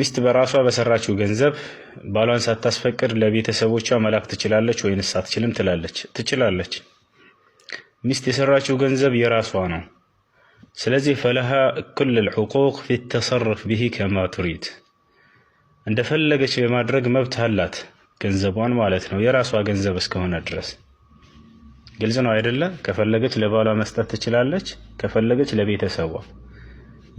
ሚስት በራሷ በሰራችው ገንዘብ ባሏን ሳታስፈቅድ ለቤተሰቦቿ መላክ ትችላለች ወይንስ አትችልም? ትላለች። ትችላለች። ሚስት የሰራችው ገንዘብ የራሷ ነው። ስለዚህ ፈለሃ ኩል ልሑቁቅ ፊ ተሰርፍ ብሂ ከማ ቱሪድ እንደፈለገች የማድረግ መብት አላት፣ ገንዘቧን ማለት ነው። የራሷ ገንዘብ እስከሆነ ድረስ ግልጽ ነው አይደለ? ከፈለገች ለባሏ መስጠት ትችላለች፣ ከፈለገች ለቤተሰቧ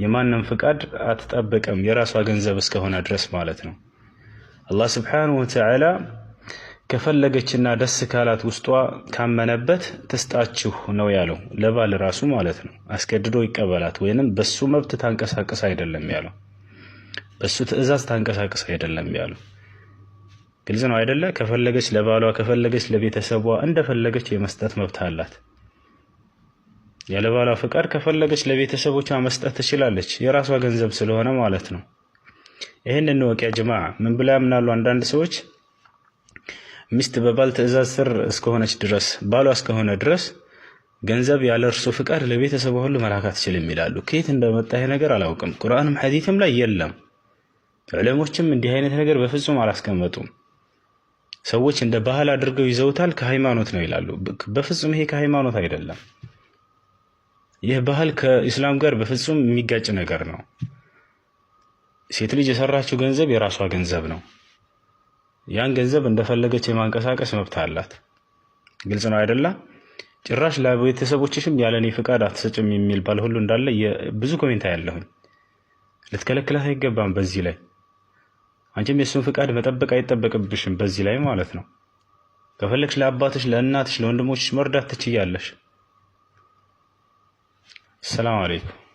የማንም ፍቃድ አትጠብቅም የራሷ ገንዘብ እስከሆነ ድረስ ማለት ነው። አላህ ስብሓነሁ ወተዓላ ከፈለገችና ደስ ካላት ውስጧ ካመነበት ትስጣችሁ ነው ያለው፣ ለባል ራሱ ማለት ነው። አስገድዶ ይቀበላት ወይንም በሱ መብት ታንቀሳቀስ አይደለም ያለው፣ በሱ ትዕዛዝ ታንቀሳቀስ አይደለም ያለው። ግልጽ ነው አይደለ? ከፈለገች ለባሏ፣ ከፈለገች ለቤተሰቧ እንደፈለገች የመስጠት መብት አላት። ያለ ፍቃድ ከፈለገች ለቤተሰቦቿ መስጠት ትችላለች። የራሷ ገንዘብ ስለሆነ ማለት ነው። ይህን እንወቅ ያ ምን ብላ ያምናሉ አንዳንድ ሰዎች ሚስት በባል ትዕዛዝ ስር እስከሆነች ድረስ ባሏ እስከሆነ ድረስ ገንዘብ ያለ እርሱ ፍቃድ ለቤተሰቡ ሁሉ መላክ አትችልም ይላሉ። ከየት እንደመጣ ይሄ ነገር አላውቅም። ቁርአንም ሐዲትም ላይ የለም። ዕለሞችም እንዲህ አይነት ነገር በፍጹም አላስቀመጡም። ሰዎች እንደ ባህል አድርገው ይዘውታል። ከሃይማኖት ነው ይላሉ። በፍጹም ይሄ ከሃይማኖት አይደለም። ይህ ባህል ከኢስላም ጋር በፍጹም የሚጋጭ ነገር ነው። ሴት ልጅ የሰራችው ገንዘብ የራሷ ገንዘብ ነው። ያን ገንዘብ እንደፈለገች የማንቀሳቀስ መብት አላት። ግልጽ ነው አይደላ? ጭራሽ ለቤተሰቦችሽም ያለኔ ፍቃድ አትሰጭም የሚል ባል ሁሉ እንዳለ ብዙ ኮሜንታ ያለሁኝ። ልትከለክላት አይገባም። በዚህ ላይ አንቺም የእሱን ፍቃድ መጠበቅ አይጠበቅብሽም። በዚህ ላይ ማለት ነው ከፈለግሽ ለአባትሽ፣ ለእናትሽ፣ ለወንድሞችሽ መርዳት ትችያለሽ። السلام عليكم